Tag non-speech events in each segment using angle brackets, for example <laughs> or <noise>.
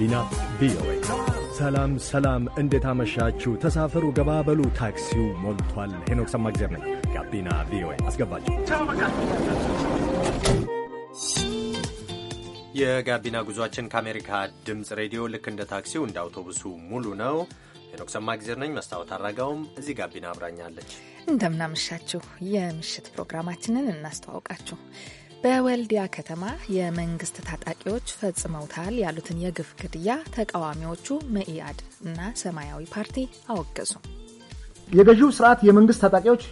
ጋቢና ቪኦኤ። ሰላም ሰላም፣ እንዴት አመሻችሁ? ተሳፈሩ፣ ገባበሉ፣ ታክሲው ሞልቷል። ሄኖክ ሰማግዜር ነኝ። ጋቢና ቪኦኤ አስገባችሁ። የጋቢና ጉዟችን ከአሜሪካ ድምፅ ሬዲዮ ልክ እንደ ታክሲው እንደ አውቶቡሱ ሙሉ ነው። ሄኖክ ሰማግዜር ነኝ። መስታወት አድራጋውም እዚህ ጋቢና አብራኛለች። እንደምናመሻችሁ። የምሽት ፕሮግራማችንን እናስተዋውቃችሁ። በወልዲያ ከተማ የመንግስት ታጣቂዎች ፈጽመውታል ያሉትን የግፍ ግድያ ተቃዋሚዎቹ መኢአድ እና ሰማያዊ ፓርቲ አወገዙ። የገዢው ስርዓት የመንግስት ታጣቂዎች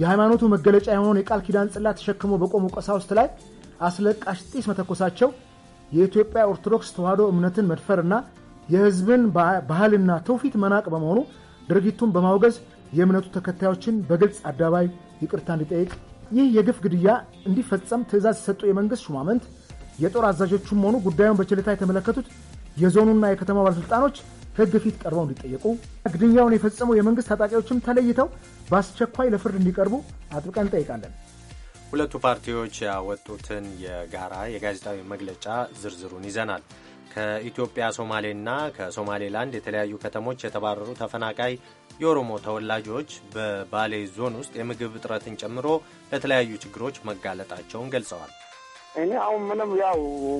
የሃይማኖቱ መገለጫ የሆነውን የቃል ኪዳን ጽላት ተሸክሞ በቆሙ ቀሳውስት ላይ አስለቃሽ ጢስ መተኮሳቸው የኢትዮጵያ ኦርቶዶክስ ተዋሕዶ እምነትን መድፈርና የህዝብን ባህልና ትውፊት መናቅ በመሆኑ ድርጊቱን በማውገዝ የእምነቱ ተከታዮችን በግልጽ አደባባይ ይቅርታ እንዲጠይቅ ይህ የግፍ ግድያ እንዲፈጸም ትዕዛዝ የሰጡ የመንግሥት ሹማምንት የጦር አዛዦቹም ሆኑ ጉዳዩን በችልታ የተመለከቱት የዞኑና የከተማ ባለሥልጣኖች ሕግ ፊት ቀርበው እንዲጠየቁ፣ ግድያውን የፈጸሙ የመንግሥት ታጣቂዎችም ተለይተው በአስቸኳይ ለፍርድ እንዲቀርቡ አጥብቀን እንጠይቃለን። ሁለቱ ፓርቲዎች ያወጡትን የጋራ የጋዜጣዊ መግለጫ ዝርዝሩን ይዘናል። ከኢትዮጵያ ሶማሌና ከሶማሌላንድ የተለያዩ ከተሞች የተባረሩ ተፈናቃይ የኦሮሞ ተወላጆች በባሌ ዞን ውስጥ የምግብ እጥረትን ጨምሮ ለተለያዩ ችግሮች መጋለጣቸውን ገልጸዋል። እኔ አሁን ምንም ያው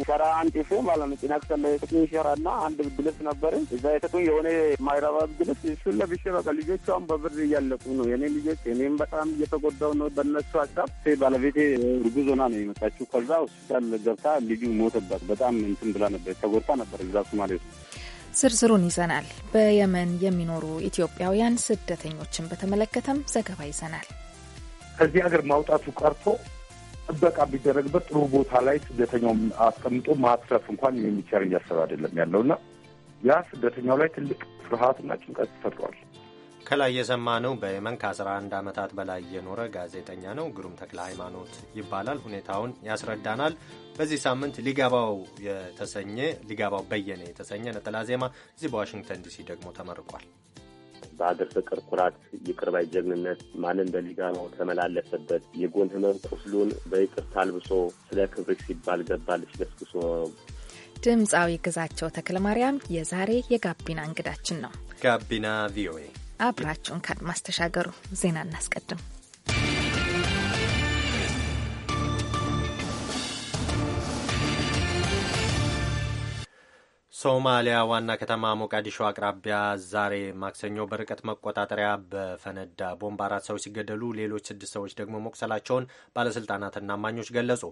ሸራ አንጢፌ ማለት ነው ጭናክ ሰለየቅኝ ሸራ እና አንድ ብልስ ነበር እዛ የሰጡኝ የሆነ ማይረባ ብልስ እሱን ለብሼ በቃ ልጆቹ አሁን በብር እያለቁ ነው የኔ ልጆች። እኔም በጣም እየተጎዳው ነው በነሱ ሀሳብ። ባለቤቴ እርጉዝ ሆና ነው የመጣችው። ከዛ ሆስፒታል ገብታ ልጁ ሞተባት። በጣም እንትን ብላ ነበር ተጎድታ ነበር እዛ ሱማሌ ውስጥ ዝርዝሩን ይዘናል። በየመን የሚኖሩ ኢትዮጵያውያን ስደተኞችን በተመለከተም ዘገባ ይዘናል። ከዚህ ሀገር ማውጣቱ ቀርቶ ጥበቃ ቢደረግበት ጥሩ ቦታ ላይ ስደተኛው አስቀምጦ ማትረፍ እንኳን የሚቻል እያሰብ አይደለም ያለውና ያ ስደተኛው ላይ ትልቅ ፍርሃትና ጭንቀት ይፈጥሯል። ከላይ የሰማነው በየመን ከ11 ዓመታት በላይ የኖረ ጋዜጠኛ ነው። ግሩም ተክለ ሃይማኖት ይባላል። ሁኔታውን ያስረዳናል። በዚህ ሳምንት ሊጋባው የተሰኘ ሊጋባው በየነ የተሰኘ ነጠላ ዜማ እዚህ በዋሽንግተን ዲሲ ደግሞ ተመርቋል። በአገር ፍቅር ኩራት፣ ይቅር ባይ ጀግንነት ማንም በሊጋባው ተመላለሰበት የጎን ህመም ቁስሉን በይቅር ታልብሶ ስለ ክብር ሲባል ገባልሽ ለስክሶ ድምፃዊ ግዛቸው ተክለ ማርያም የዛሬ የጋቢና እንግዳችን ነው። ጋቢና ቪኦኤ አብራችሁን ካድማስ ተሻገሩ። ዜና እናስቀድም። ሶማሊያ ዋና ከተማ ሞቃዲሾ አቅራቢያ ዛሬ ማክሰኞ በርቀት መቆጣጠሪያ በፈነዳ ቦምብ አራት ሰዎች ሲገደሉ ሌሎች ስድስት ሰዎች ደግሞ መቁሰላቸውን ባለስልጣናትና አማኞች ገለጹ።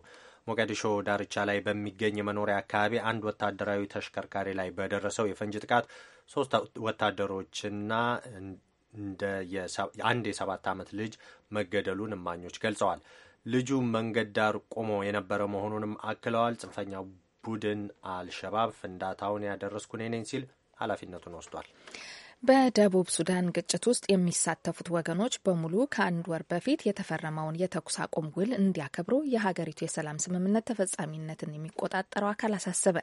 ሞቃዲሾ ዳርቻ ላይ በሚገኝ የመኖሪያ አካባቢ አንድ ወታደራዊ ተሽከርካሪ ላይ በደረሰው የፈንጅ ጥቃት ሶስት ወታደሮችና አንድ የሰባት ዓመት ልጅ መገደሉን እማኞች ገልጸዋል። ልጁ መንገድ ዳር ቆሞ የነበረ መሆኑንም አክለዋል። ጽንፈኛው ቡድን አልሸባብ ፍንዳታውን ያደረስኩ እኔ ነኝ ሲል ኃላፊነቱን ወስዷል። በደቡብ ሱዳን ግጭት ውስጥ የሚሳተፉት ወገኖች በሙሉ ከአንድ ወር በፊት የተፈረመውን የተኩስ አቁም ውል እንዲያከብሩ የሀገሪቱ የሰላም ስምምነት ተፈጻሚነትን የሚቆጣጠረው አካል አሳሰበ።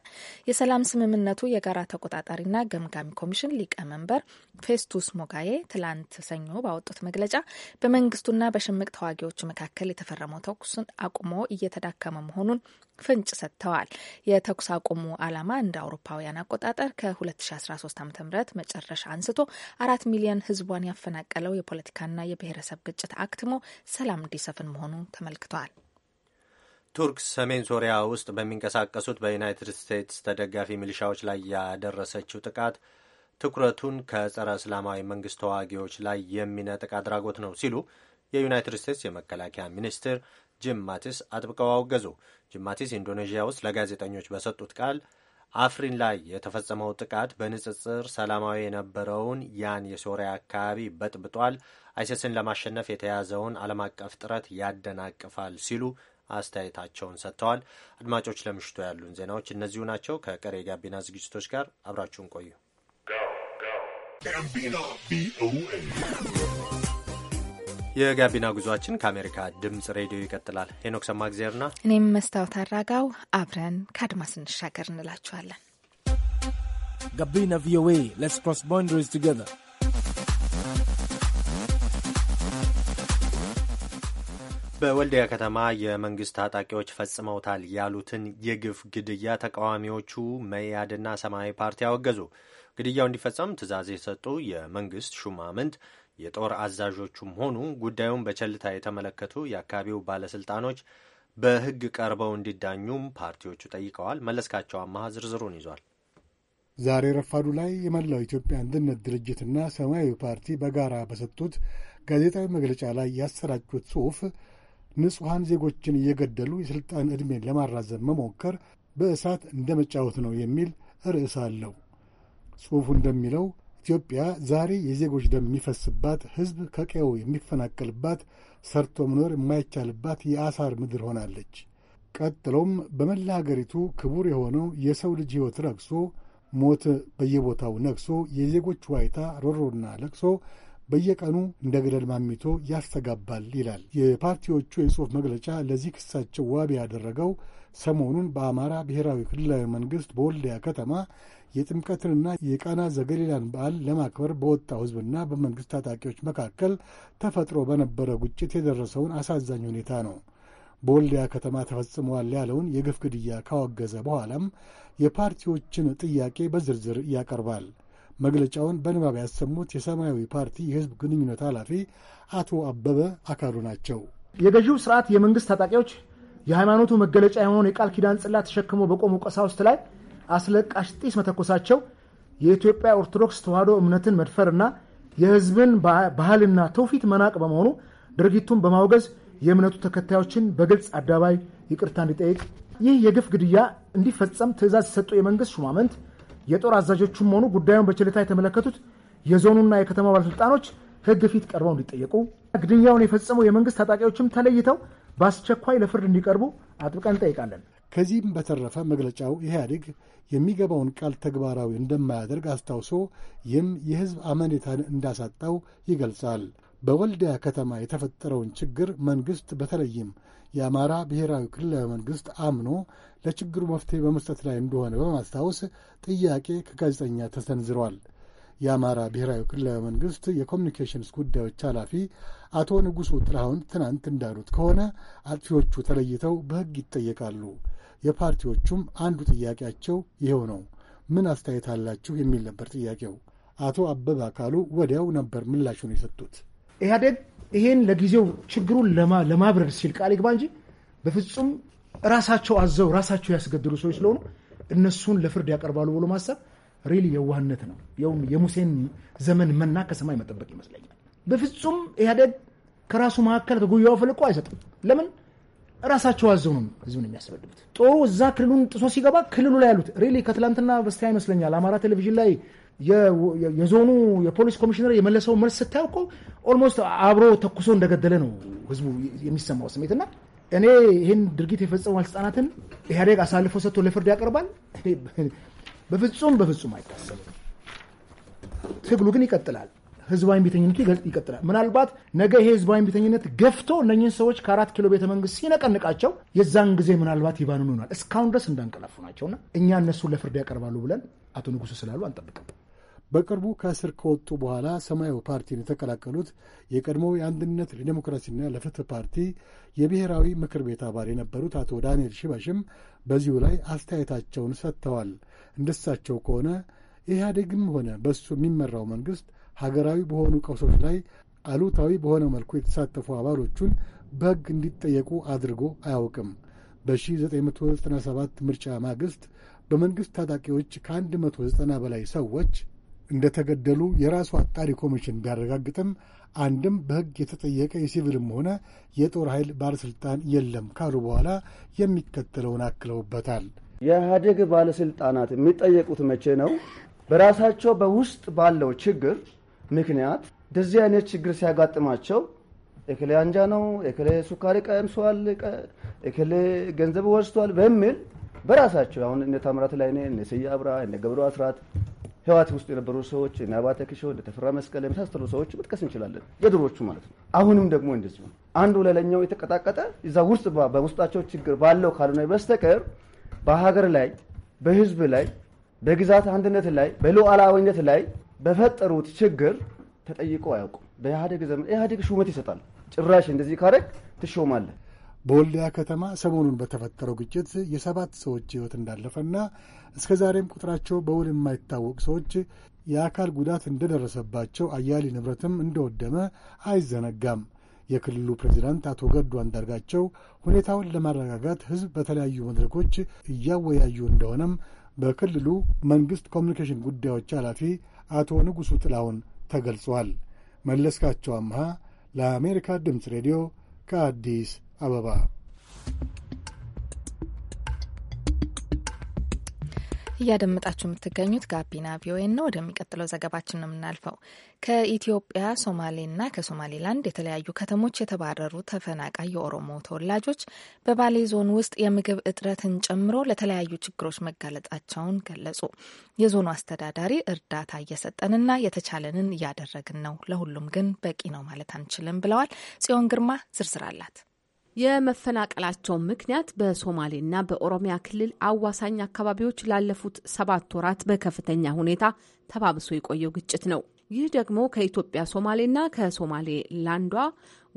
የሰላም ስምምነቱ የጋራ ተቆጣጣሪና ገምጋሚ ኮሚሽን ሊቀመንበር ፌስቱስ ሞጋዬ ትላንት ሰኞ ባወጡት መግለጫ በመንግስቱና በሽምቅ ተዋጊዎች መካከል የተፈረመው ተኩስ አቁሞ እየተዳከመ መሆኑን ፍንጭ ሰጥተዋል። የተኩስ አቁሙ ዓላማ እንደ አውሮፓውያን አቆጣጠር ከ2013 ዓ ም መጨረሻ አንስ አንስቶ አራት ሚሊዮን ህዝቧን ያፈናቀለው የፖለቲካና የብሔረሰብ ግጭት አክትሞ ሰላም እንዲሰፍን መሆኑ ተመልክተዋል። ቱርክ ሰሜን ሶሪያ ውስጥ በሚንቀሳቀሱት በዩናይትድ ስቴትስ ተደጋፊ ሚሊሻዎች ላይ ያደረሰችው ጥቃት ትኩረቱን ከጸረ እስላማዊ መንግስት ተዋጊዎች ላይ የሚነጥቅ አድራጎት ነው ሲሉ የዩናይትድ ስቴትስ የመከላከያ ሚኒስትር ጅም ማቲስ አጥብቀው አወገዙ። ጅም ማቲስ ኢንዶኔዥያ ውስጥ ለጋዜጠኞች በሰጡት ቃል አፍሪን ላይ የተፈጸመው ጥቃት በንጽጽር ሰላማዊ የነበረውን ያን የሶሪያ አካባቢ በጥብጧል፣ አይሲስን ለማሸነፍ የተያዘውን ዓለም አቀፍ ጥረት ያደናቅፋል ሲሉ አስተያየታቸውን ሰጥተዋል። አድማጮች፣ ለምሽቱ ያሉን ዜናዎች እነዚሁ ናቸው። ከቀሪ የጋቢና ዝግጅቶች ጋር አብራችሁን ቆዩ። የጋቢና ጉዟችን ከአሜሪካ ድምጽ ሬዲዮ ይቀጥላል። ሄኖክ ሰማግዜርና እኔም መስታወት አራጋው አብረን ከአድማስ እንሻገር እንላችኋለን። ጋቢና ቪኦኤ ሌትስ ክሮስ ቦንደሪስ ቱጌዘር በወልዲያ ከተማ የመንግስት ታጣቂዎች ፈጽመውታል ያሉትን የግፍ ግድያ ተቃዋሚዎቹ መያድና ሰማያዊ ፓርቲ አወገዙ። ግድያው እንዲፈጸም ትዕዛዝ የሰጡ የመንግስት ሹማምንት የጦር አዛዦቹም ሆኑ ጉዳዩን በቸልታ የተመለከቱ የአካባቢው ባለስልጣኖች በሕግ ቀርበው እንዲዳኙም ፓርቲዎቹ ጠይቀዋል። መለስካቸው አማሃ ዝርዝሩን ይዟል። ዛሬ ረፋዱ ላይ የመላው ኢትዮጵያ አንድነት ድርጅትና ሰማያዊ ፓርቲ በጋራ በሰጡት ጋዜጣዊ መግለጫ ላይ ያሰራጩት ጽሑፍ ንጹሐን ዜጎችን እየገደሉ የሥልጣን ዕድሜን ለማራዘም መሞከር በእሳት እንደ መጫወት ነው የሚል ርዕስ አለው። ጽሑፉ እንደሚለው ኢትዮጵያ ዛሬ የዜጎች ደም የሚፈስባት፣ ሕዝብ ከቀዬው የሚፈናቀልባት፣ ሰርቶ መኖር የማይቻልባት የአሳር ምድር ሆናለች። ቀጥሎም በመላ አገሪቱ ክቡር የሆነው የሰው ልጅ ሕይወት ረግሶ ሞት በየቦታው ነግሶ የዜጎች ዋይታ ሮሮና ለቅሶ በየቀኑ እንደ ገደል ማሚቶ ያስተጋባል ይላል የፓርቲዎቹ የጽሑፍ መግለጫ። ለዚህ ክሳቸው ዋቢ ያደረገው ሰሞኑን በአማራ ብሔራዊ ክልላዊ መንግሥት በወልዲያ ከተማ የጥምቀትንና የቃና ዘገሊላን በዓል ለማክበር በወጣው ሕዝብና በመንግሥት ታጣቂዎች መካከል ተፈጥሮ በነበረ ግጭት የደረሰውን አሳዛኝ ሁኔታ ነው። በወልዲያ ከተማ ተፈጽመዋል ያለውን የግፍ ግድያ ካወገዘ በኋላም የፓርቲዎችን ጥያቄ በዝርዝር ያቀርባል። መግለጫውን በንባብ ያሰሙት የሰማያዊ ፓርቲ የሕዝብ ግንኙነት ኃላፊ አቶ አበበ አካሉ ናቸው። የገዢው ስርዓት የመንግሥት ታጣቂዎች የሃይማኖቱ መገለጫ የሆነውን የቃል ኪዳን ጽላት ተሸክሞ በቆሙ ቀሳውስት ላይ አስለቃሽ ጢስ መተኮሳቸው የኢትዮጵያ ኦርቶዶክስ ተዋሕዶ እምነትን መድፈርና የሕዝብን ባህልና ትውፊት መናቅ በመሆኑ ድርጊቱን በማውገዝ የእምነቱ ተከታዮችን በግልጽ አደባባይ ይቅርታ እንዲጠይቅ፣ ይህ የግፍ ግድያ እንዲፈጸም ትዕዛዝ የሰጡ የመንግስት ሹማምንት፣ የጦር አዛዦቹም ሆኑ ጉዳዩን በችልታ የተመለከቱት የዞኑና የከተማ ባለሥልጣኖች ሕግ ፊት ቀርበው እንዲጠየቁ፣ ግድያውን የፈጸሙ የመንግስት ታጣቂዎችም ተለይተው በአስቸኳይ ለፍርድ እንዲቀርቡ አጥብቀን እንጠይቃለን። ከዚህም በተረፈ መግለጫው ኢህአዴግ የሚገባውን ቃል ተግባራዊ እንደማያደርግ አስታውሶ ይህም የሕዝብ አመኔታን እንዳሳጣው ይገልጻል። በወልዲያ ከተማ የተፈጠረውን ችግር መንግሥት በተለይም የአማራ ብሔራዊ ክልላዊ መንግሥት አምኖ ለችግሩ መፍትሄ በመስጠት ላይ እንደሆነ በማስታወስ ጥያቄ ከጋዜጠኛ ተሰንዝሯል። የአማራ ብሔራዊ ክልላዊ መንግሥት የኮሚኒኬሽንስ ጉዳዮች ኃላፊ አቶ ንጉሡ ጥላሁን ትናንት እንዳሉት ከሆነ አጥፊዎቹ ተለይተው በሕግ ይጠየቃሉ። የፓርቲዎቹም አንዱ ጥያቄያቸው ይኸው ነው። ምን አስተያየት አላችሁ የሚል ነበር ጥያቄው። አቶ አበበ አካሉ ወዲያው ነበር ምላሹን የሰጡት። ኢህአዴግ ይሄን ለጊዜው ችግሩን ለማብረድ ሲል ቃል ይግባ እንጂ በፍጹም ራሳቸው አዘው ራሳቸው ያስገድሉ ሰዎች ስለሆኑ እነሱን ለፍርድ ያቀርባሉ ብሎ ማሰብ ሪል የዋህነት ነው። ይኸውም የሙሴን ዘመን መና ከሰማይ መጠበቅ ይመስለኛል። በፍጹም ኢህአዴግ ከራሱ መካከል ከጉያው ፈልቆ አይሰጥም። ለምን ራሳቸው አዘው ነው ህዝብን የሚያስበድቡት። ጦሩ እዛ ክልሉን ጥሶ ሲገባ ክልሉ ላይ ያሉት ሪሊ ከትላንትና በስቲያ ይመስለኛል አማራ ቴሌቪዥን ላይ የዞኑ የፖሊስ ኮሚሽነር የመለሰው መልስ ስታየው እኮ ኦልሞስት አብሮ ተኩሶ እንደገደለ ነው ህዝቡ የሚሰማው ስሜት እና እኔ ይህን ድርጊት የፈጸሙ ባለስልጣናትን ኢህአዴግ አሳልፎ ሰጥቶ ለፍርድ ያቀርባል? <laughs> በፍጹም በፍጹም አይታሰብም። ትግሉ ግን ይቀጥላል። ህዝባዊ ቤተኝነቱ ይቀጥላል። ምናልባት ነገ ይሄ ህዝባዊ ቤተኝነት ገፍቶ እነኝህን ሰዎች ከአራት ኪሎ ቤተ መንግስት ሲነቀንቃቸው የዛን ጊዜ ምናልባት ይባንኑ ይሆናል። እስካሁን ድረስ እንዳንቀላፉ ናቸውና እኛ እነሱን ለፍርድ ያቀርባሉ ብለን አቶ ንጉሱ ስላሉ አንጠብቅም። በቅርቡ ከእስር ከወጡ በኋላ ሰማያዊ ፓርቲን የተቀላቀሉት የቀድሞው የአንድነት ለዲሞክራሲና ለፍትህ ፓርቲ የብሔራዊ ምክር ቤት አባል የነበሩት አቶ ዳንኤል ሽበሽም በዚሁ ላይ አስተያየታቸውን ሰጥተዋል። እንደሳቸው ከሆነ ኢህአዴግም ሆነ በሱ የሚመራው መንግስት ሀገራዊ በሆኑ ቀውሶች ላይ አሉታዊ በሆነ መልኩ የተሳተፉ አባሎቹን በሕግ እንዲጠየቁ አድርጎ አያውቅም። በ1997 ምርጫ ማግስት በመንግሥት ታጣቂዎች ከ190 በላይ ሰዎች እንደተገደሉ የራሱ አጣሪ ኮሚሽን ቢያረጋግጥም አንድም በሕግ የተጠየቀ የሲቪልም ሆነ የጦር ኃይል ባለሥልጣን የለም ካሉ በኋላ የሚከተለውን አክለውበታል። የኢህአዴግ ባለሥልጣናት የሚጠየቁት መቼ ነው? በራሳቸው በውስጥ ባለው ችግር ምክንያት እንደዚህ አይነት ችግር ሲያጋጥማቸው እክሌ አንጃ ነው፣ እክሌ ሱካሪ ቀምሷል፣ እክሌ ገንዘብ ወስቷል በሚል በራሳቸው አሁን እነ ታምራት ላይኔ፣ እነ ስዬ አብራ፣ እነ ገብሩ አስራት ህወሓት ውስጥ የነበሩ ሰዎች እነ አባተ ኪሾ፣ እነ ተፈራ መስቀል የመሳሰሉ ሰዎች መጥቀስ እንችላለን፣ የድሮቹ ማለት ነው። አሁንም ደግሞ እንደዚሁ አንዱ ለለኛው የተቀጣቀጠ እዛ ውስጥ በውስጣቸው ችግር ባለው ካልሆነ በስተቀር በሀገር ላይ በህዝብ ላይ በግዛት አንድነት ላይ በሉዓላዊነት ላይ በፈጠሩት ችግር ተጠይቆ አያውቁም። በኢህአዴግ ዘመን ኢህአዴግ ሹመት ይሰጣል። ጭራሽ እንደዚህ ካረግ ትሾማለህ። በወልዲያ ከተማ ሰሞኑን በተፈጠረው ግጭት የሰባት ሰዎች ህይወት እንዳለፈና እስከ ዛሬም ቁጥራቸው በውል የማይታወቅ ሰዎች የአካል ጉዳት እንደደረሰባቸው፣ አያሌ ንብረትም እንደወደመ አይዘነጋም። የክልሉ ፕሬዚዳንት አቶ ገዱ አንዳርጋቸው ሁኔታውን ለማረጋጋት ህዝብ በተለያዩ መድረኮች እያወያዩ እንደሆነም በክልሉ መንግስት ኮሚኒኬሽን ጉዳዮች ኃላፊ አቶ ንጉሡ ጥላውን ተገልጿል። መለስካቸው አምሃ ለአሜሪካ ድምፅ ሬዲዮ ከአዲስ አበባ እያደመጣችሁ የምትገኙት ጋቢና ቪኦኤ ነው። ወደሚቀጥለው ዘገባችን ነው የምናልፈው። ከኢትዮጵያ ሶማሌና ከሶማሌላንድ የተለያዩ ከተሞች የተባረሩ ተፈናቃይ የኦሮሞ ተወላጆች በባሌ ዞን ውስጥ የምግብ እጥረትን ጨምሮ ለተለያዩ ችግሮች መጋለጣቸውን ገለጹ። የዞኑ አስተዳዳሪ እርዳታ እየሰጠንና የተቻለንን እያደረግን ነው፣ ለሁሉም ግን በቂ ነው ማለት አንችልም ብለዋል። ጽዮን ግርማ ዝርዝር አላት። የመፈናቀላቸው ምክንያት በሶማሌና በኦሮሚያ ክልል አዋሳኝ አካባቢዎች ላለፉት ሰባት ወራት በከፍተኛ ሁኔታ ተባብሶ የቆየው ግጭት ነው። ይህ ደግሞ ከኢትዮጵያ ሶማሌና ከሶማሌ ላንዷ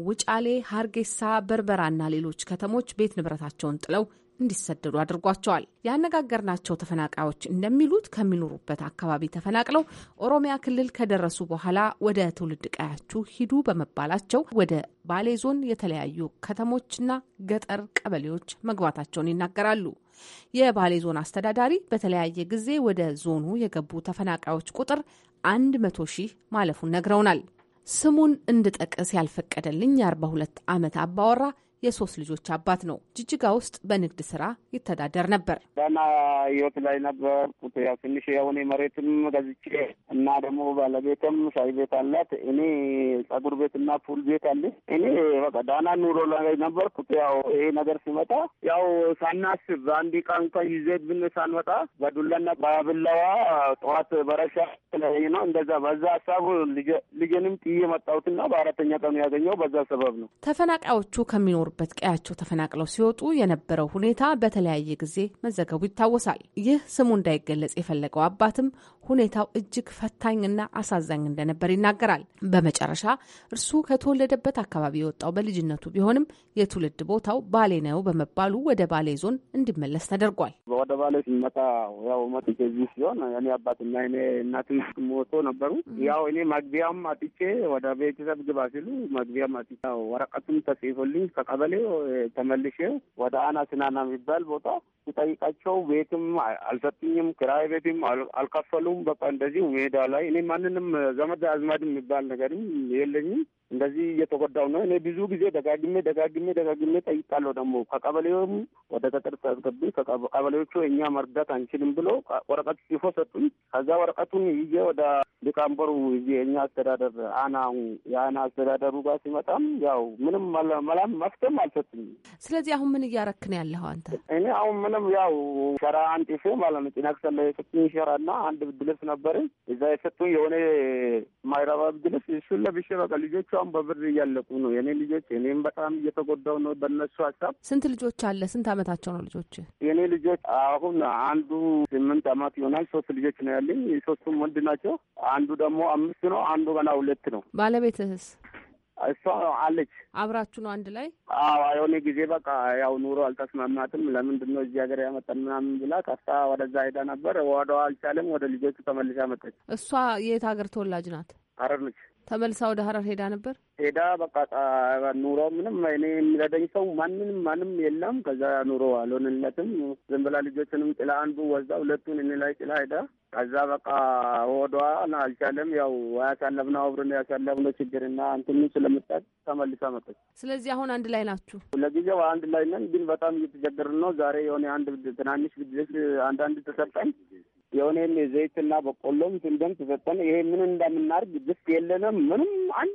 ውጫሌ፣ ሀርጌሳ፣ በርበራና ሌሎች ከተሞች ቤት ንብረታቸውን ጥለው እንዲሰደዱ አድርጓቸዋል። ያነጋገርናቸው ተፈናቃዮች እንደሚሉት ከሚኖሩበት አካባቢ ተፈናቅለው ኦሮሚያ ክልል ከደረሱ በኋላ ወደ ትውልድ ቀያችሁ ሂዱ በመባላቸው ወደ ባሌ ዞን የተለያዩ ከተሞችና ገጠር ቀበሌዎች መግባታቸውን ይናገራሉ። የባሌ ዞን አስተዳዳሪ በተለያየ ጊዜ ወደ ዞኑ የገቡ ተፈናቃዮች ቁጥር አንድ መቶ ሺህ ማለፉን ነግረውናል። ስሙን እንድጠቅስ ያልፈቀደልኝ የ42 ዓመት አባወራ የሶስት ልጆች አባት ነው። ጅጅጋ ውስጥ በንግድ ስራ ይተዳደር ነበር። ደህና ህይወት ላይ ነበርኩ። ያው ትንሽ የሆነ መሬትም ገዝቼ እና ደግሞ ባለቤትም ሻይ ቤት አላት። እኔ ጸጉር ቤት እና ፑል ቤት አለ። እኔ በቃ ዳና ኑሮ ላይ ነበርኩት። ያው ይሄ ነገር ሲመጣ ያው ሳናስብ በአንድ ዕቃ እንኳን ይዘት ብን ሳንመጣ በዱላና በብላዋ ጠዋት በረሻ ስለይ ነው እንደዛ በዛ ሀሳብ ልጄንም ጥዬ መጣሁትና በአራተኛ ቀኑ ያገኘው በዛ ሰበብ ነው ተፈናቃዮቹ ከሚኖሩ ከነበሩበት ቀያቸው ተፈናቅለው ሲወጡ የነበረው ሁኔታ በተለያየ ጊዜ መዘገቡ ይታወሳል። ይህ ስሙ እንዳይገለጽ የፈለገው አባትም ሁኔታው እጅግ ፈታኝና አሳዛኝ እንደነበር ይናገራል። በመጨረሻ እርሱ ከተወለደበት አካባቢ የወጣው በልጅነቱ ቢሆንም የትውልድ ቦታው ባሌ ነው በመባሉ ወደ ባሌ ዞን እንዲመለስ ተደርጓል። ወደ ባሌ ሲመጣ ያው መጥቼ እዚህ ሲሆን እኔ አባትና እኔ እናትም ሞቶ ነበሩ። ያው እኔ መግቢያም አጥቼ ወደ ቤተሰብ ግባ ሲሉ መግቢያም አጥቼ ወረቀቱም ተጽፎልኝ ከቀበሌ ተመልሼ ወደ አና ስናና የሚባል ቦታ ሲጠይቃቸው ቤትም አልሰጥኝም፣ ክራይ ቤትም አልከፈሉ በቃ እንደዚህ ሜዳ ላይ እኔ ማንንም ዘመድ አዝማድ የሚባል ነገርም የለኝም። እንደዚህ እየተጎዳው ነው። እኔ ብዙ ጊዜ ደጋግሜ ደጋግሜ ደጋግሜ ጠይቃለሁ። ደግሞ ከቀበሌውም ወደ ተጠር አስገብኝ ከቀበሌዎቹ እኛ መርዳት አንችልም ብሎ ወረቀት ጽፎ ሰጡኝ። ከዛ ወረቀቱን ይዤ ወደ ሊቀመንበሩ ይዤ የእኛ አስተዳደር አና የአና አስተዳደሩ ጋር ሲመጣም ያው ምንም መላም መፍትሄም አልሰጡኝ። ስለዚህ አሁን ምን እያረክ ነው ያለኸው አንተ? እኔ አሁን ምንም ያው ሸራ አንጥፌ ማለት ነው ጭናክሰን ላይ የሰጡኝ ሸራ እና አንድ ብድልስ ነበር እዛ የሰጡኝ የሆነ ማይረባ ብድልስ እሱን ለብሼ በቃ ልጆቹ ልጆቿን በብር እያለቁ ነው የኔ ልጆች። እኔም በጣም እየተጎዳው ነው በነሱ ሀሳብ። ስንት ልጆች አለ? ስንት አመታቸው ነው ልጆች? የኔ ልጆች አሁን አንዱ ስምንት አመት ይሆናል። ሶስት ልጆች ነው ያለኝ። ሶስቱም ወንድ ናቸው። አንዱ ደግሞ አምስት ነው። አንዱ ገና ሁለት ነው። ባለቤትህስ? እሷ አለች። አብራችሁ ነው አንድ ላይ? አዎ። የሆነ ጊዜ በቃ ያው ኑሮ አልተስማማትም። ለምንድን ነው እዚህ ሀገር ያመጣን ምናምን ብላ ከፍታ ወደዛ ሄዳ ነበር። ወደ አልቻለም። ወደ ልጆቹ ተመልሳ መጣች። እሷ የት ሀገር ተወላጅ ናት? አረር ነች። ተመልሳ ወደ ሀረር ሄዳ ነበር። ሄዳ በቃ ኑሮ ምንም እኔ የሚረደኝ ሰው ማንንም ማንም የለም። ከዛ ኑሮ አልሆንለትም። ዝም ብላ ልጆችንም ጥላ አንዱ ወዛ ሁለቱን እኔ ላይ ጥላ ሄዳ ከዛ በቃ ሆዷ አልቻለም። ያው ያሳለፍነው አብረን ያሳለፍነው ችግርና አንትኑ ስለምጣት ተመልሳ መጠች። ስለዚህ አሁን አንድ ላይ ናችሁ? ለጊዜው አንድ ላይ ነን፣ ግን በጣም እየተቸገርን ነው። ዛሬ የሆነ አንድ ትናንሽ ብድር አንዳንድ ተሰጠኝ የሆነም ዘይትና በቆሎም ስንደም ተሰጠን። ይሄ ምን እንደምናርግ ግስ የለንም። ምንም አንድ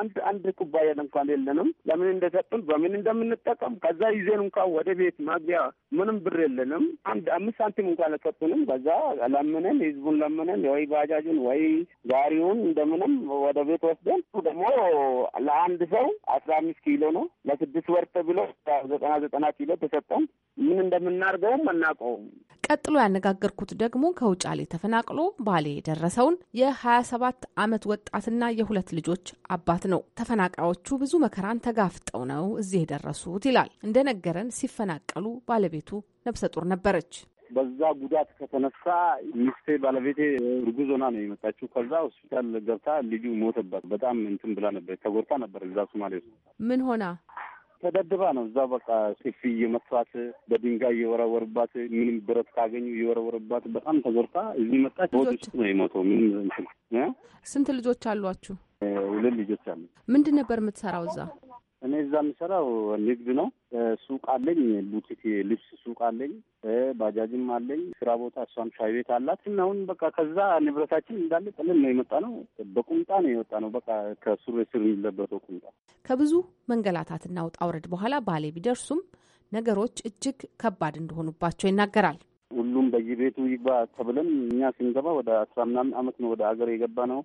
አንድ አንድ ኩባያ እንኳን የለንም። ለምን እንደሰጡን በምን እንደምንጠቀም ከዛ ይዘን እንኳን ወደ ቤት ማግቢያ ምንም ብር የለንም። አንድ አምስት ሳንቲም እንኳን አልሰጡንም። ከዛ ለምንን ህዝቡን ለምንን ወይ ባጃጁን ወይ ጋሪውን እንደምንም ወደ ቤት ወስደን ደግሞ ለአንድ ሰው አስራ አምስት ኪሎ ነው ለስድስት ወር ተብሎ ዘጠና ዘጠና ኪሎ ተሰጠን። ምን እንደምናርገውም አናውቀውም። ቀጥሎ ያነጋገርኩት ደግሞ ከውጫሌ ተፈናቅሎ ባሌ የደረሰውን የ27 ዓመት ወጣትና የሁለት ልጆች አባት ነው። ተፈናቃዮቹ ብዙ መከራን ተጋፍጠው ነው እዚህ የደረሱት ይላል። እንደነገረን ሲፈናቀሉ ባለቤቱ ነብሰ ጡር ነበረች። በዛ ጉዳት ከተነሳ ሚስቴ ባለቤቴ እርጉዝ ሆና ነው የመጣችው። ከዛ ሆስፒታል ገብታ ልጁ ሞተባት። በጣም እንትን ብላ ነበር፣ ተጎድታ ነበር። እዛ ሶማሌ ውስጥ ምን ሆና ተደድባ ነው እዛ በቃ ሲፊ እየመቷት በድንጋይ እየወረወርባት ምንም ብረት ካገኙ እየወረወርባት በጣም ተጎርታ እዚህ መጣች። ወደ ውስጥ ነው የሞተው። ምንም ስንት ልጆች አሏችሁ? ሁለት ልጆች አሉ። ምንድን ነበር የምትሰራው እዛ? እኔ እዛ የምሰራው ንግድ ነው። ሱቅ አለኝ፣ ቡቲክ ልብስ ሱቅ አለኝ፣ ባጃጅም አለኝ፣ ስራ ቦታ እሷም ሻይ ቤት አላት። እና አሁን በቃ ከዛ ንብረታችን እንዳለ ጥለን ነው የመጣ ነው። በቁምጣ ነው የወጣ ነው። በቃ ከሱሪ ስር የሚለበሰው ቁምጣ። ከብዙ መንገላታትና ውጣ ውረድ በኋላ ባሌ ቢደርሱም ነገሮች እጅግ ከባድ እንደሆኑባቸው ይናገራል። ሁሉም በየቤቱ ይግባ ተብለን እኛ ስንገባ ወደ አስራ ምናምን አመት ነው ወደ ሀገር የገባ ነው።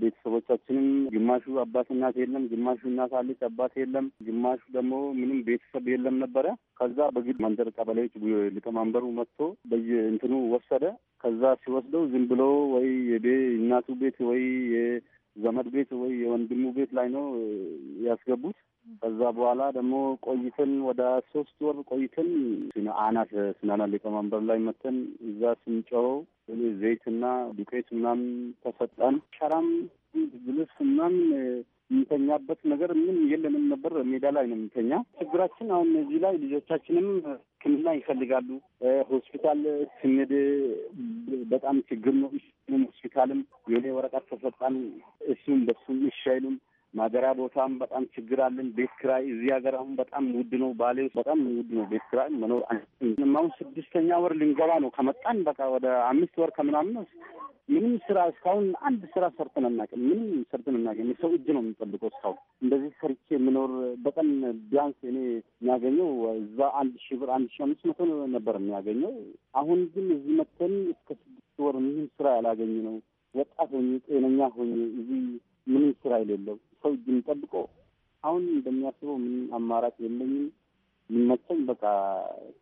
ቤተሰቦቻችንም ግማሹ አባት እናት የለም፣ ግማሹ እናት አለች አባት የለም፣ ግማሹ ደግሞ ምንም ቤተሰብ የለም ነበረ። ከዛ በግድ መንደር ቀበሌዎች ሊቀመንበሩ መጥቶ በየእንትኑ ወሰደ። ከዛ ሲወስደው ዝም ብሎ ወይ የእናቱ ቤት ወይ የዘመድ ቤት ወይ የወንድሙ ቤት ላይ ነው ያስገቡት። ከዛ በኋላ ደግሞ ቆይትን ወደ ሶስት ወር ቆይትን አናት ስናና ሊቀመንበር ላይ መተን እዛ ስንጨው ዘይትና ዱቄት ምናምን ተሰጣን። ሸራም ልብስ ምናምን የምንተኛበት ነገር ምን የለንም ነበር። ሜዳ ላይ ነው የምንተኛ። ችግራችን አሁን እዚህ ላይ ልጆቻችንም ሕክምና ይፈልጋሉ። ሆስፒታል ስንሄድ በጣም ችግር ነው። ሆስፒታልም የሆነ ወረቀት ተሰጣን፣ እሱም በሱም እሺ አይሉም። ማገሪያ ቦታም በጣም ችግር አለን። ቤት ክራይ እዚህ ሀገር አሁን በጣም ውድ ነው። ባሌ ውስጥ በጣም ውድ ነው ቤት ክራይ መኖር። አሁን ስድስተኛ ወር ልንገባ ነው ከመጣን በቃ ወደ አምስት ወር ከምናምን ምንም ስራ እስካሁን አንድ ስራ ሰርተን አናውቅም። ምንም ሰርተን አናውቅም። ሰው እጅ ነው የምንፈልገው። እስካሁን እንደዚህ ሰርቼ የምኖር በቀን ቢያንስ እኔ የሚያገኘው እዛ አንድ ሺህ ብር አንድ ሺህ አምስት መቶ ነበር የሚያገኘው። አሁን ግን እዚህ መጥተን እስከ ስድስት ወር ምንም ስራ ያላገኝ ነው። ወጣት ሆኜ ጤነኛ ሆኜ እዚህ ምንም ስራ የሌለው ሰው እጅ የሚጠብቆ አሁን እንደሚያስበው ምንም አማራጭ የለኝም ይመቸኝ በቃ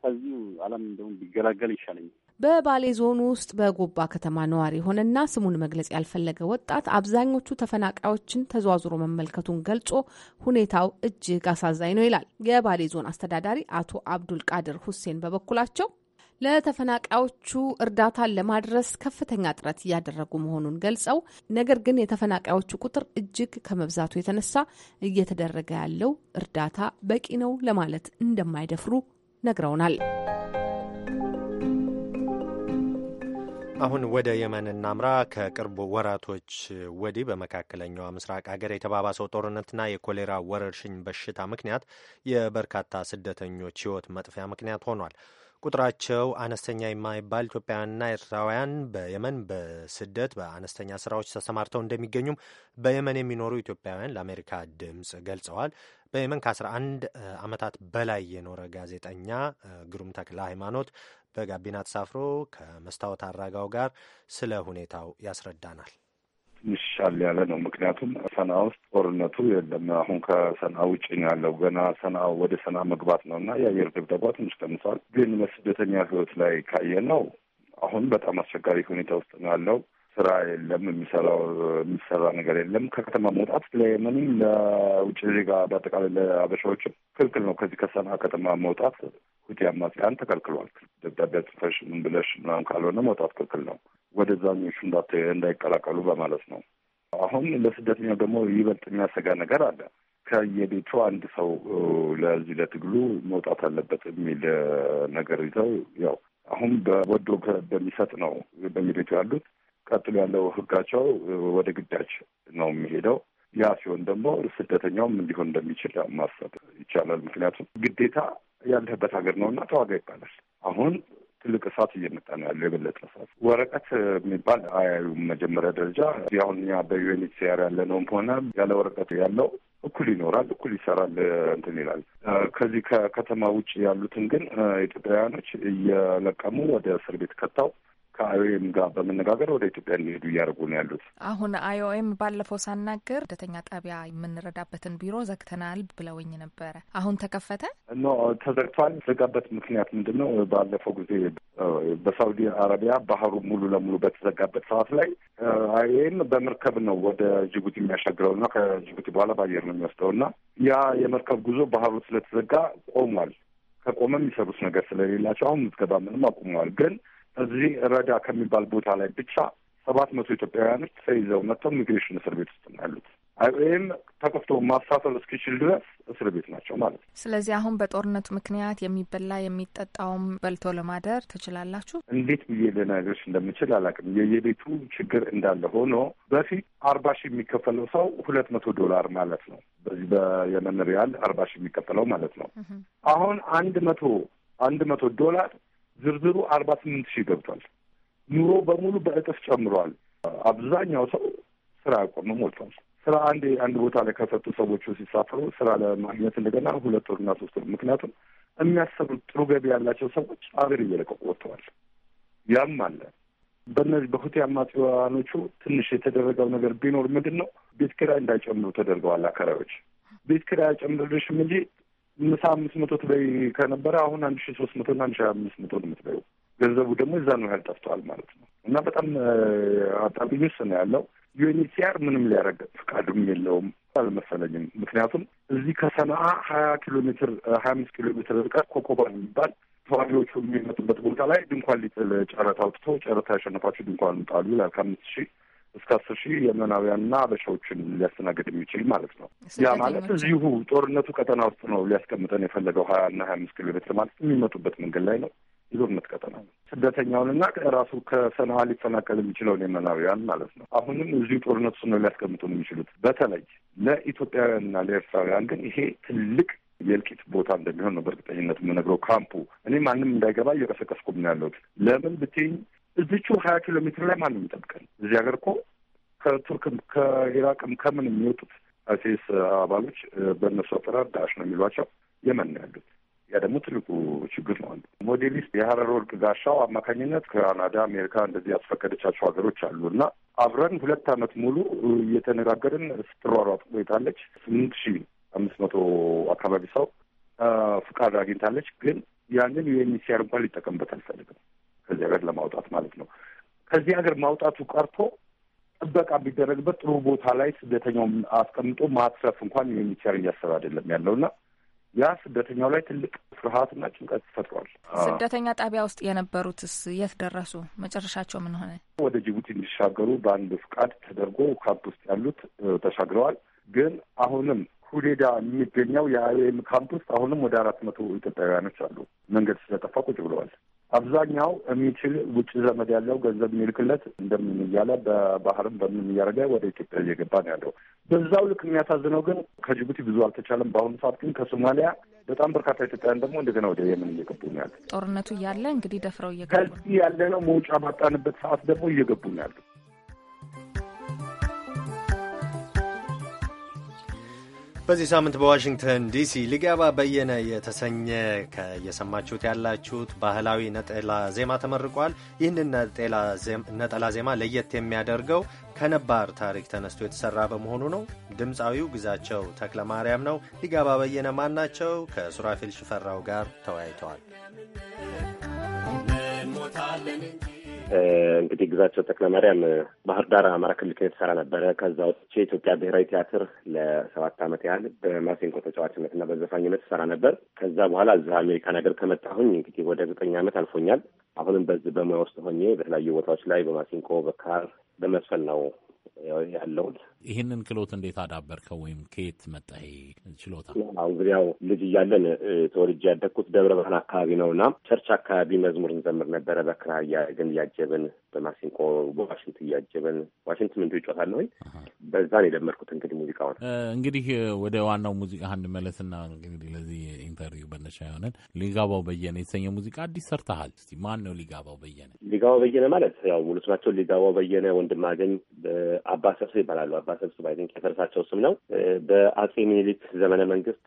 ከዚሁ ዓለም እንደሁም ቢገላገል ይሻለኛል። በባሌ ዞን ውስጥ በጎባ ከተማ ነዋሪ የሆነና ስሙን መግለጽ ያልፈለገ ወጣት አብዛኞቹ ተፈናቃዮችን ተዘዋዝሮ መመልከቱን ገልጾ ሁኔታው እጅግ አሳዛኝ ነው ይላል። የባሌ ዞን አስተዳዳሪ አቶ አብዱል ቃድር ሁሴን በበኩላቸው ለተፈናቃዮቹ እርዳታን ለማድረስ ከፍተኛ ጥረት እያደረጉ መሆኑን ገልጸው ነገር ግን የተፈናቃዮቹ ቁጥር እጅግ ከመብዛቱ የተነሳ እየተደረገ ያለው እርዳታ በቂ ነው ለማለት እንደማይደፍሩ ነግረውናል። አሁን ወደ የመን እናምራ። ከቅርብ ወራቶች ወዲህ በመካከለኛዋ ምስራቅ ሀገር የተባባሰው ጦርነትና የኮሌራ ወረርሽኝ በሽታ ምክንያት የበርካታ ስደተኞች ሕይወት መጥፊያ ምክንያት ሆኗል። ቁጥራቸው አነስተኛ የማይባል ኢትዮጵያውያንና ኤርትራውያን በየመን በስደት በአነስተኛ ስራዎች ተሰማርተው እንደሚገኙም በየመን የሚኖሩ ኢትዮጵያውያን ለአሜሪካ ድምፅ ገልጸዋል። በየመን ከ11 ዓመታት በላይ የኖረ ጋዜጠኛ ግሩም ተክለ ሃይማኖት በጋቢና ተሳፍሮ ከመስታወት አራጋው ጋር ስለ ሁኔታው ያስረዳናል። ይሻል ያለ ነው። ምክንያቱም ሰና ውስጥ ጦርነቱ የለም። አሁን ከሰና ውጭ ነው ያለው። ገና ሰና ወደ ሰና መግባት ነው እና የአየር ድብደባ ትንሽ ቀንሷል። ግን በስደተኛ ህይወት ላይ ካየ ነው አሁን በጣም አስቸጋሪ ሁኔታ ውስጥ ነው ያለው። ስራ የለም፣ የሚሰራው የሚሰራ ነገር የለም። ከከተማ መውጣት ለየመንም ለውጭ ዜጋ በአጠቃላይ ለአበሻዎችም ክልክል ነው። ከዚህ ከሰና ከተማ መውጣት ሁቲ አማጽያን ተከልክሏል። ደብዳቤ ጽፈሽ ምን ብለሽ ምናምን ካልሆነ መውጣት ክልክል ነው። ወደዛኞቹ እንዳይቀላቀሉ በማለት ነው። አሁን ለስደተኛው ደግሞ ይበልጥ የሚያሰጋ ነገር አለ። ከየቤቱ አንድ ሰው ለዚህ ለትግሉ መውጣት አለበት የሚል ነገር ይዘው ያው አሁን በወዶ በሚሰጥ ነው በየቤቱ ያሉት። ቀጥሎ ያለው ህጋቸው ወደ ግዳጅ ነው የሚሄደው። ያ ሲሆን ደግሞ ስደተኛውም እንዲሆን እንደሚችል ማሰብ ይቻላል። ምክንያቱም ግዴታ ያለህበት ሀገር እና ተዋጋ ይባላል። አሁን ትልቅ እሳት እየመጣ ነው ያለው። የበለጠ እሳት ወረቀት የሚባል አያዩም። መጀመሪያ ደረጃ አሁን እኛ በዩኤንኤችሲአር ያለነውም ሆነ ያለ ወረቀት ያለው እኩል ይኖራል፣ እኩል ይሰራል፣ እንትን ይላል። ከዚህ ከከተማ ውጭ ያሉትን ግን ኢትዮጵያውያኖች እየለቀሙ ወደ እስር ቤት ከተው ከአይኦኤም ጋር በመነጋገር ወደ ኢትዮጵያ እንዲሄዱ እያደረጉ ነው ያሉት። አሁን አይኦኤም ባለፈው ሳናገር ስደተኛ ጣቢያ የምንረዳበትን ቢሮ ዘግተናል ብለውኝ ነበረ። አሁን ተከፈተ? ኖ ተዘግቷል። የተዘጋበት ምክንያት ምንድን ነው? ባለፈው ጊዜ በሳውዲ አረቢያ ባህሩ ሙሉ ለሙሉ በተዘጋበት ሰዓት ላይ አይኦኤም በመርከብ ነው ወደ ጅቡቲ የሚያሻግረው እና ከጅቡቲ በኋላ በአየር ነው የሚወስደው እና ያ የመርከብ ጉዞ ባህሩ ስለተዘጋ ቆሟል። ከቆመ የሚሰሩት ነገር ስለሌላቸው አሁን ምዝገባ ምንም አቁመዋል ግን እዚህ ረዳ ከሚባል ቦታ ላይ ብቻ ሰባት መቶ ኢትዮጵያውያኖች ተይዘው መጥተው ኢሚግሬሽን እስር ቤት ውስጥ ነው ያሉት። ይህም ተከፍቶ ማሳፈር እስኪችል ድረስ እስር ቤት ናቸው ማለት ነው። ስለዚህ አሁን በጦርነቱ ምክንያት የሚበላ የሚጠጣውም በልቶ ለማደር ትችላላችሁ። እንዴት ብዬ ልነግርሽ እንደምችል አላውቅም። የየቤቱ ችግር እንዳለ ሆኖ በፊት አርባ ሺህ የሚከፈለው ሰው ሁለት መቶ ዶላር ማለት ነው። በዚህ በየመን ሪያል አርባ ሺህ የሚከፈለው ማለት ነው። አሁን አንድ መቶ አንድ መቶ ዶላር ዝርዝሩ አርባ ስምንት ሺህ ገብቷል። ኑሮ በሙሉ በእጥፍ ጨምሯል። አብዛኛው ሰው ስራ ያቆመ ሞልቷል። ስራ አንድ አንድ ቦታ ላይ ከሰጡ ሰዎቹ ሲሳፈሩ ስራ ለማግኘት እንደገና ሁለት ወርና ሶስት ወር ምክንያቱም የሚያሰሩት ጥሩ ገቢ ያላቸው ሰዎች አገር እየለቀቁ ወጥተዋል። ያም አለ። በእነዚህ በሁቲ አማጽዋኖቹ ትንሽ የተደረገው ነገር ቢኖር ምንድን ነው? ቤት ኪራይ እንዳይጨምሩ ተደርገዋል። አከራዮች ቤት ኪራይ አይጨምርልሽም እንጂ ምሳ አምስት መቶ ትበይ ከነበረ አሁን አንድ ሺ ሶስት መቶ እና አንድ ሺ አምስት መቶ ነው የምትበዩ። ገንዘቡ ደግሞ እዛ ነው ያህል ጠፍተዋል ማለት ነው። እና በጣም አጣብቂኝ ውስጥ ነው ያለው። ዩኤንኤችሲአር ምንም ሊያደርግ ፍቃዱም የለውም አልመሰለኝም። ምክንያቱም እዚህ ከሰንአ ሀያ ኪሎ ሜትር ሀያ አምስት ኪሎ ሜትር ርቀት ኮኮባ የሚባል ተዋጊዎቹ የሚመጡበት ቦታ ላይ ድንኳን ሊጥል ጨረታ አውጥቶ ጨረታ ያሸነፋችሁ ድንኳን ጣሉ ይላል ከአምስት ሺህ እስከ አስር ሺህ የመናውያንና አበሻዎችን ሊያስተናግድ የሚችል ማለት ነው። ያ ማለት እዚሁ ጦርነቱ ቀጠና ውስጥ ነው ሊያስቀምጠን የፈለገው ሀያ እና ሀያ አምስት ኪሎ ሜትር ማለት የሚመጡበት መንገድ ላይ ነው። የጦርነት ቀጠና ነው። ስደተኛውንና ራሱ ከሰንዓ ሊፈናቀል የሚችለውን የመናውያን ማለት ነው። አሁንም እዚሁ ጦርነት ውስጥ ነው ሊያስቀምጡ የሚችሉት። በተለይ ለኢትዮጵያውያንና ለኤርትራውያን ግን ይሄ ትልቅ የእልቂት ቦታ እንደሚሆን ነው በእርግጠኝነት የምነግረው። ካምፑ እኔ ማንም እንዳይገባ እየቀሰቀስኩም ነው ያለሁት። ለምን ብትይኝ እዚቹ ሀያ ኪሎ ሜትር ላይ ማን ይጠብቀን። የሚጠብቀን? እዚህ ሀገር እኮ ከቱርክም ከኢራቅም ከምን የሚወጡት አይሲስ አባሎች በእነሱ አጠራር ዳሽ ነው የሚሏቸው የመን ነው ያሉት። ያ ደግሞ ትልቁ ችግር ነው። አንዱ ሞዴሊስት የሀረር ወርቅ ጋሻው አማካኝነት ካናዳ፣ አሜሪካ እንደዚህ ያስፈቀደቻቸው ሀገሮች አሉ እና አብረን ሁለት አመት ሙሉ እየተነጋገርን ስትሯሯጥ ቆይታለች። ስምንት ሺ አምስት መቶ አካባቢ ሰው ፍቃድ አግኝታለች። ግን ያንን ዩኤንኤችሲአር እንኳን ሊጠቀምበት አልፈልግም። ከዚህ ሀገር ለማውጣት ማለት ነው። ከዚህ ሀገር ማውጣቱ ቀርቶ ጥበቃ የሚደረግበት ጥሩ ቦታ ላይ ስደተኛውን አስቀምጦ ማትረፍ እንኳን የሚቻል እያሰብ አይደለም ያለውና ያ ስደተኛው ላይ ትልቅ ፍርሃትና ጭንቀት ፈጥሯል። ስደተኛ ጣቢያ ውስጥ የነበሩትስ የት ደረሱ? መጨረሻቸው ምን ሆነ? ወደ ጅቡቲ እንዲሻገሩ በአንድ ፍቃድ ተደርጎ ካምፕ ውስጥ ያሉት ተሻግረዋል። ግን አሁንም ሁሌዳ የሚገኘው የአይኤም ካምፕ ውስጥ አሁንም ወደ አራት መቶ ኢትዮጵያውያኖች አሉ። መንገድ ስለጠፋ ቁጭ ብለዋል። አብዛኛው የሚችል ውጭ ዘመድ ያለው ገንዘብ የሚልክለት እንደምን እያለ በባህርም በምን እያደረገ ወደ ኢትዮጵያ እየገባ ነው ያለው። በዛው ልክ የሚያሳዝነው ግን ከጅቡቲ ብዙ አልተቻለም። በአሁኑ ሰዓት ግን ከሶማሊያ በጣም በርካታ ኢትዮጵያውያን ደግሞ እንደገና ወደ የመን እየገቡ ነው ያለ። ጦርነቱ እያለ እንግዲህ ደፍረው እየገቡ ከዚህ ያለ ነው መውጫ ባጣንበት ሰዓት ደግሞ እየገቡ ነው ያሉ በዚህ ሳምንት በዋሽንግተን ዲሲ ሊጋባ በየነ የተሰኘ እየሰማችሁት ያላችሁት ባህላዊ ነጠላ ዜማ ተመርቋል። ይህንን ነጠላ ዜማ ለየት የሚያደርገው ከነባር ታሪክ ተነስቶ የተሰራ በመሆኑ ነው። ድምፃዊው ግዛቸው ተክለ ማርያም ነው። ሊጋባ በየነ ማን ናቸው? ከሱራፌል ሽፈራው ጋር ተወያይተዋል። እንግዲህ ግዛቸው ተክለ ማርያም ባህር ዳር አማራ ክልል ትሰራ ነበረ። ከዛ ውጭ የኢትዮጵያ ብሔራዊ ቲያትር ለሰባት አመት ያህል በማሲንቆ ተጫዋችነት እና በዘፋኝነት ሰራ ነበር። ከዛ በኋላ እዛ አሜሪካን ሀገር ከመጣሁኝ እንግዲህ ወደ ዘጠኝ ዓመት አልፎኛል። አሁንም በዚህ በሙያ ውስጥ ሆኜ በተለያዩ ቦታዎች ላይ በማሲንቆ በካር በመዝፈን ነው ያለሁት። ይህንን ክሎት እንዴት አዳበርከው? ወይም ከየት መጣ ችሎታ? እንግዲህ ያው ልጅ እያለን ተወልጄ ያደግኩት ደብረ ብርሃን አካባቢ ነው እና ቸርች አካባቢ መዝሙር እንዘምር ነበረ። በክራ እያደግን እያጀብን፣ በማሲንቆ በዋሽንት እያጀብን፣ ዋሽንት ምንድ ይጮታለ ወይ በዛን የለመድኩት እንግዲህ ሙዚቃውን። እንግዲህ ወደ ዋናው ሙዚቃ እንመለስና እንግዲህ ለዚህ ኢንተርቪው መነሻ የሆነን ሊጋባው በየነ የተሰኘ ሙዚቃ አዲስ ሰርተሃል። እስኪ ማን ነው ሊጋባው በየነ? ሊጋባው በየነ ማለት ያው ሙሉ ስማቸው ሊጋባው በየነ ወንድማገኝ አባ ይባላሉ። አባ ሰብስብ አይ የፈረሳቸው ስም ነው። በአጼ ሚኒሊክ ዘመነ መንግስት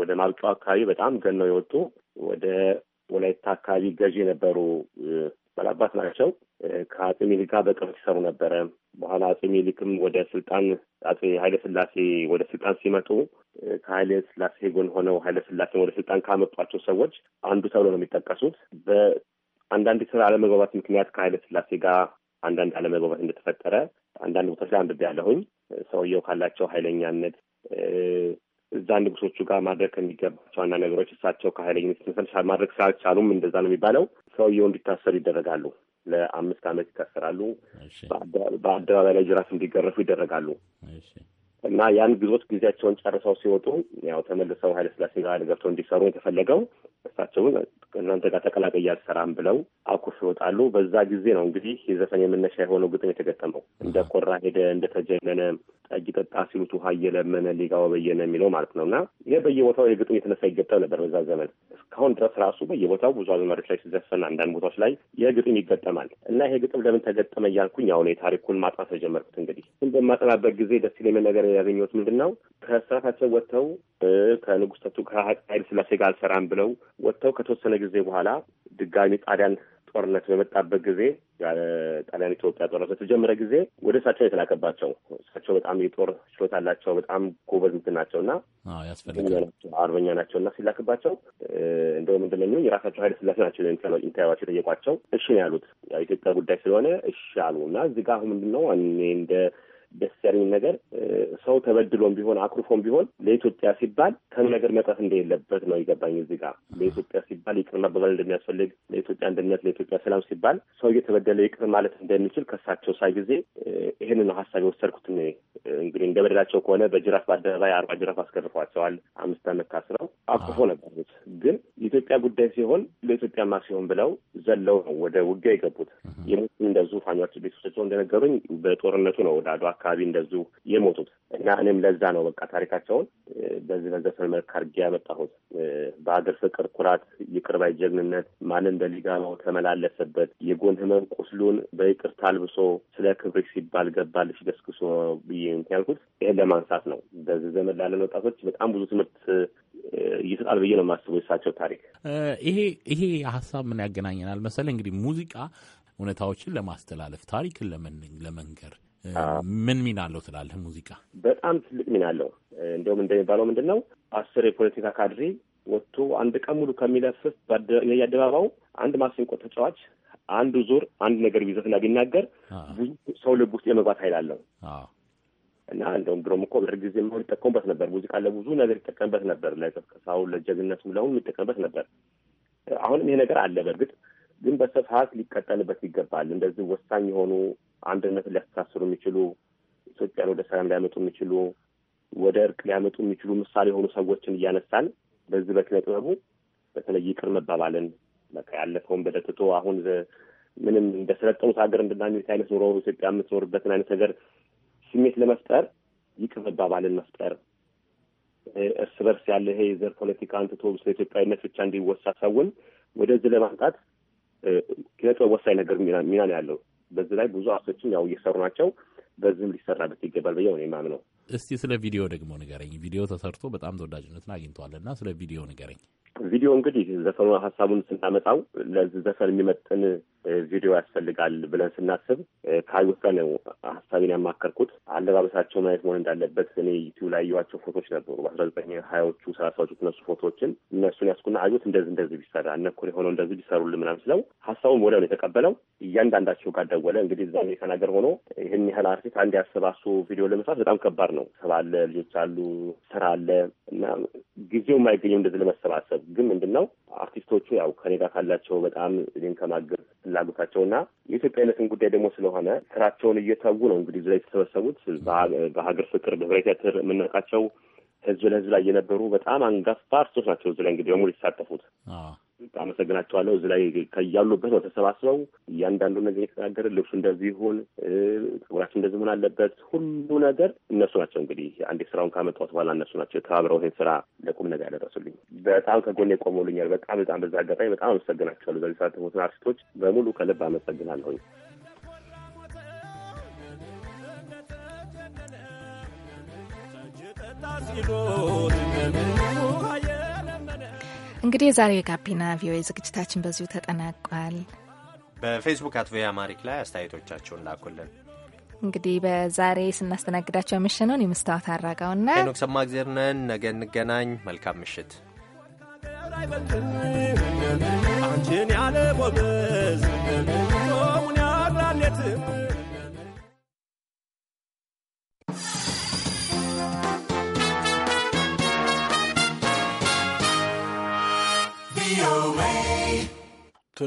ወደ ማብቂያው አካባቢ በጣም ገነው የወጡ ወደ ወላይታ አካባቢ ገዢ የነበሩ ባላባት ናቸው። ከአጼ ሚኒሊክ ጋር በቅርብ ሲሰሩ ነበረ። በኋላ አጼ ሚኒሊክም ወደ ስልጣን አጼ ኃይለ ስላሴ ወደ ስልጣን ሲመጡ ከኃይለ ስላሴ ጎን ሆነው ኃይለ ስላሴ ወደ ስልጣን ካመጧቸው ሰዎች አንዱ ተብሎ ነው የሚጠቀሱት። በአንዳንድ ስራ አለመግባባት ምክንያት ከኃይለ ስላሴ ጋር አንዳንድ አለመግባባት እንደተፈጠረ አንዳንድ ቦታዎች ላይ አንብቤ ያለሁኝ ሰውየው ካላቸው ኃይለኛነት እዛ ንጉሶቹ ጋር ማድረግ ከሚገባቸው አንዳንድ ነገሮች እሳቸው ከኃይለኝነት መፈለሻ ማድረግ ስላልቻሉም እንደዛ ነው የሚባለው ሰውየው እንዲታሰሩ ይደረጋሉ። ለአምስት ዓመት ይታሰራሉ። በአደባባይ ላይ ጅራፍ እንዲገረፉ ይደረጋሉ እና ያን ግዞት ጊዜያቸውን ጨርሰው ሲወጡ ያው ተመልሰው ኃይለ ጋር ገብተው እንዲሰሩ የተፈለገው እሳቸውን እናንተ ጋር ተቀላቀያ አልሰራም ብለው አኩርፍ ይወጣሉ። በዛ ጊዜ ነው እንግዲህ የዘፈን የመነሻ የሆነው ግጥም የተገጠመው እንደ ቆራ ሄደ ተጀነነ ጠጅ ጠጣ ሲሉት ውሃ እየለመነ ሊጋው በየነ የሚለው ማለት ነው። እና ይህ በየቦታው የግጥም የተነሳ ይገጠም ነበር በዛ ዘመን። እስካሁን ድረስ ራሱ በየቦታው ብዙ አዝማሪዎች ላይ ሲዘፈን፣ አንዳንድ ቦታዎች ላይ ይህ ግጥም ይገጠማል። እና ይሄ ግጥም ለምን ተገጠመ እያልኩኝ አሁን የታሪኩን ማጥናት ተጀመርኩት እንግዲህ ግን በማጠናበት ጊዜ ደስ ይለኝ ነገር ያገኘሁት ምንድን ነው ከስራታቸው ወጥተው ከንጉሥ ከኃይለ ሥላሴ ጋር አልሰራም ብለው ወጥተው ከተወሰነ ጊዜ በኋላ ድጋሚ ጣሊያን ጦርነት በመጣበት ጊዜ ጣሊያን ኢትዮጵያ ጦርነት በተጀመረ ጊዜ ወደ እሳቸው የተላከባቸው እሳቸው በጣም የጦር ችሎታ አላቸው። በጣም ጎበዝ እንትን ናቸው እና አርበኛ ናቸው እና ሲላክባቸው እንደው ምንድን የራሳቸው ኃይለ ስላሴ ናቸው ኢንተርቪዋቸው የጠየቋቸው እሺ ነው ያሉት። ኢትዮጵያ ጉዳይ ስለሆነ እሺ አሉ እና እዚህ ጋር አሁን ምንድን ነው እኔ እንደ ደስ ያለኝ ነገር ሰው ተበድሎም ቢሆን አኩርፎም ቢሆን ለኢትዮጵያ ሲባል ከም ነገር መጠፍ እንደሌለበት ነው ይገባኝ። እዚህ ጋር ለኢትዮጵያ ሲባል ይቅር መባባል እንደሚያስፈልግ፣ ለኢትዮጵያ አንድነት፣ ለኢትዮጵያ ሰላም ሲባል ሰው እየተበደለ ይቅር ማለት እንደሚችል ከሳቸው ሳይ ጊዜ ይህን ነው ሀሳብ የወሰድኩት። እንግዲህ እንደበደላቸው ከሆነ በጅራፍ በአደባባይ አርባ ጅራፍ አስገርፏቸዋል። አምስት አመት ታስረው አኩርፎ ነበሩት። ግን የኢትዮጵያ ጉዳይ ሲሆን ለኢትዮጵያማ ሲሆን ብለው ዘለው ነው ወደ ውጊያ የገቡት። የሙስሊም እንደዙ ፋኖች ቤቶቻቸው እንደነገሩኝ በጦርነቱ ነው ወደ አድዋ አካባቢ እንደዚሁ የሞቱት እና እኔም ለዛ ነው በቃ ታሪካቸውን በዚህ በዘፈን መልክ አድርጌ ያመጣሁት። በሀገር ፍቅር ኩራት፣ ይቅርባይ ጀግንነት ማንም በሊጋማው ተመላለሰበት የጎን ህመም ቁስሉን በይቅርታ አልብሶ ስለ ክብርሽ ሲባል ገባልሽ ገስግሶ ብዬ ያልኩት ይህን ለማንሳት ነው። በዚህ ዘመን ላለን ወጣቶች በጣም ብዙ ትምህርት ይሰጣል ብዬ ነው የማስበው የሳቸው ታሪክ። ይሄ ይሄ ሀሳብ ምን ያገናኘናል መሰለ እንግዲህ ሙዚቃ እውነታዎችን ለማስተላለፍ ታሪክን ለመንገር ምን ሚና አለው ትላለህ? ሙዚቃ በጣም ትልቅ ሚና አለው። እንደውም እንደሚባለው ምንድን ነው አስር የፖለቲካ ካድሬ ወጥቶ አንድ ቀን ሙሉ ከሚለፍፍ የአደባባው አንድ ማሲንቆ ተጫዋች አንዱ ዙር አንድ ነገር ቢዘትና ቢናገር ብዙ ሰው ልብ ውስጥ የመግባት ኃይል አለው እና እንደውም ድሮም እኮ በደርግ ጊዜ ሆን ይጠቀሙበት ነበር። ሙዚቃ ለብዙ ነገር ይጠቀምበት ነበር። ለቀስቀሳው፣ ለጀግነቱ፣ ለሁን ይጠቀምበት ነበር። አሁንም ይሄ ነገር አለ። በእርግጥ ግን በስፋት ሊቀጠልበት ይገባል። እንደዚህ ወሳኝ የሆኑ አንድነት ሊያስተሳስሩ የሚችሉ ኢትዮጵያን ወደ ሰላም ሊያመጡ የሚችሉ ወደ እርቅ ሊያመጡ የሚችሉ ምሳሌ የሆኑ ሰዎችን እያነሳን በዚህ በኪነ ጥበቡ በተለይ ይቅር መባባልን በቃ ያለፈውን በደትቶ አሁን ምንም እንደሰለጠኑት ሀገር እንድናሚት አይነት ኑሮ ኢትዮጵያ የምትኖርበትን አይነት ነገር ስሜት ለመፍጠር ይቅር መባባልን መፍጠር እርስ በርስ ያለ ይሄ የዘር ፖለቲካ አንትቶ ስለ ኢትዮጵያዊነት ብቻ እንዲወሳ ሰውን ወደዚህ ለማምጣት ኪነጥበብ ወሳኝ ነገር ሚና ነው ያለው። በዚህ ላይ ብዙ አርቶችም ያው እየሰሩ ናቸው። በዚህም ሊሰራበት ይገባል ብዬ ነው የማምነው። እስቲ ስለ ቪዲዮ ደግሞ ንገረኝ። ቪዲዮ ተሰርቶ በጣም ተወዳጅነትን አግኝተዋል እና ስለ ቪዲዮ ንገረኝ። ቪዲዮ እንግዲህ ዘፈኑ ሀሳቡን ስናመጣው ለዚህ ዘፈን የሚመጥን ቪዲዮ ያስፈልጋል ብለን ስናስብ ከአዩት ጋር ነው ሀሳቢን ያማከርኩት። አለባበሳቸው ማየት መሆን እንዳለበት እኔ ዩቲዩብ ላይ ያዩዋቸው ፎቶች ነበሩ በአስራ ዘጠኝ ሀያዎቹ ሰላሳዎቹ ተነሱ ፎቶዎችን እነሱን ያስኩና አዩት እንደዚህ እንደዚህ ቢሰራ እነኩን የሆነው እንደዚህ ቢሰሩልን ምናምን ስለው ሀሳቡን ወዲያው ነው የተቀበለው። እያንዳንዳቸው ጋር ደወለ። እንግዲህ እዛ አሜሪካን ሀገር ሆኖ ይህን ያህል አርቲስት አንድ ያሰባሱ ቪዲዮ ለመስራት በጣም ከባድ ነው። ሰብ አለ፣ ልጆች አሉ፣ ስራ አለ እና ጊዜው የማይገኘው እንደዚህ ለመሰባሰብ ግን ምንድን ነው አርቲስቶቹ ያው ከኔ ጋር ካላቸው በጣም እኔን ከማገዝ ፍላጎታቸው እና የኢትዮጵያዊነትን ጉዳይ ደግሞ ስለሆነ ስራቸውን እየተዉ ነው እንግዲህ እዚህ የተሰበሰቡት በሀገር ፍቅር በህብረ ቲያትር የምናውቃቸው ህዝብ ለህዝብ ላይ የነበሩ በጣም አንጋፋ አርቲስቶች ናቸው። እዚህ ላይ እንግዲህ በሙሉ የተሳተፉት አመሰግናቸዋለሁ። እዚህ ላይ ከያሉበት ነው ተሰባስበው እያንዳንዱ ነገር የተናገረ ልብሱ እንደዚህ ይሁን፣ ጸጉራችን እንደዚህ መሆን አለበት፣ ሁሉ ነገር እነሱ ናቸው። እንግዲህ አንዴ ስራውን ካመጣሁት በኋላ እነሱ ናቸው የተባብረው ይህን ስራ ለቁም ነገር ያደረሱልኝ። በጣም ከጎን የቆመውልኛል። በጣም በጣም በዛ አጋጣሚ በጣም አመሰግናቸዋለሁ። በዚህ ሰዓት ሞትን አርቲስቶች በሙሉ ከልብ አመሰግናለሁኝ። That's you እንግዲህ የዛሬ የጋቢና ቪኦኤ ዝግጅታችን በዚሁ ተጠናቋል። በፌስቡክ አት ቪኦኤ አማሪክ ላይ አስተያየቶቻቸውን ላኩልን። እንግዲህ በዛሬ ስናስተናግዳቸው የምሽነውን የመስታወት አራጋውና ሄኖክ ሰማ እግዜር ነን። ነገ እንገናኝ። መልካም ምሽት። አንቺን ያለ ጎበዝ ሆሙን ያራሌትም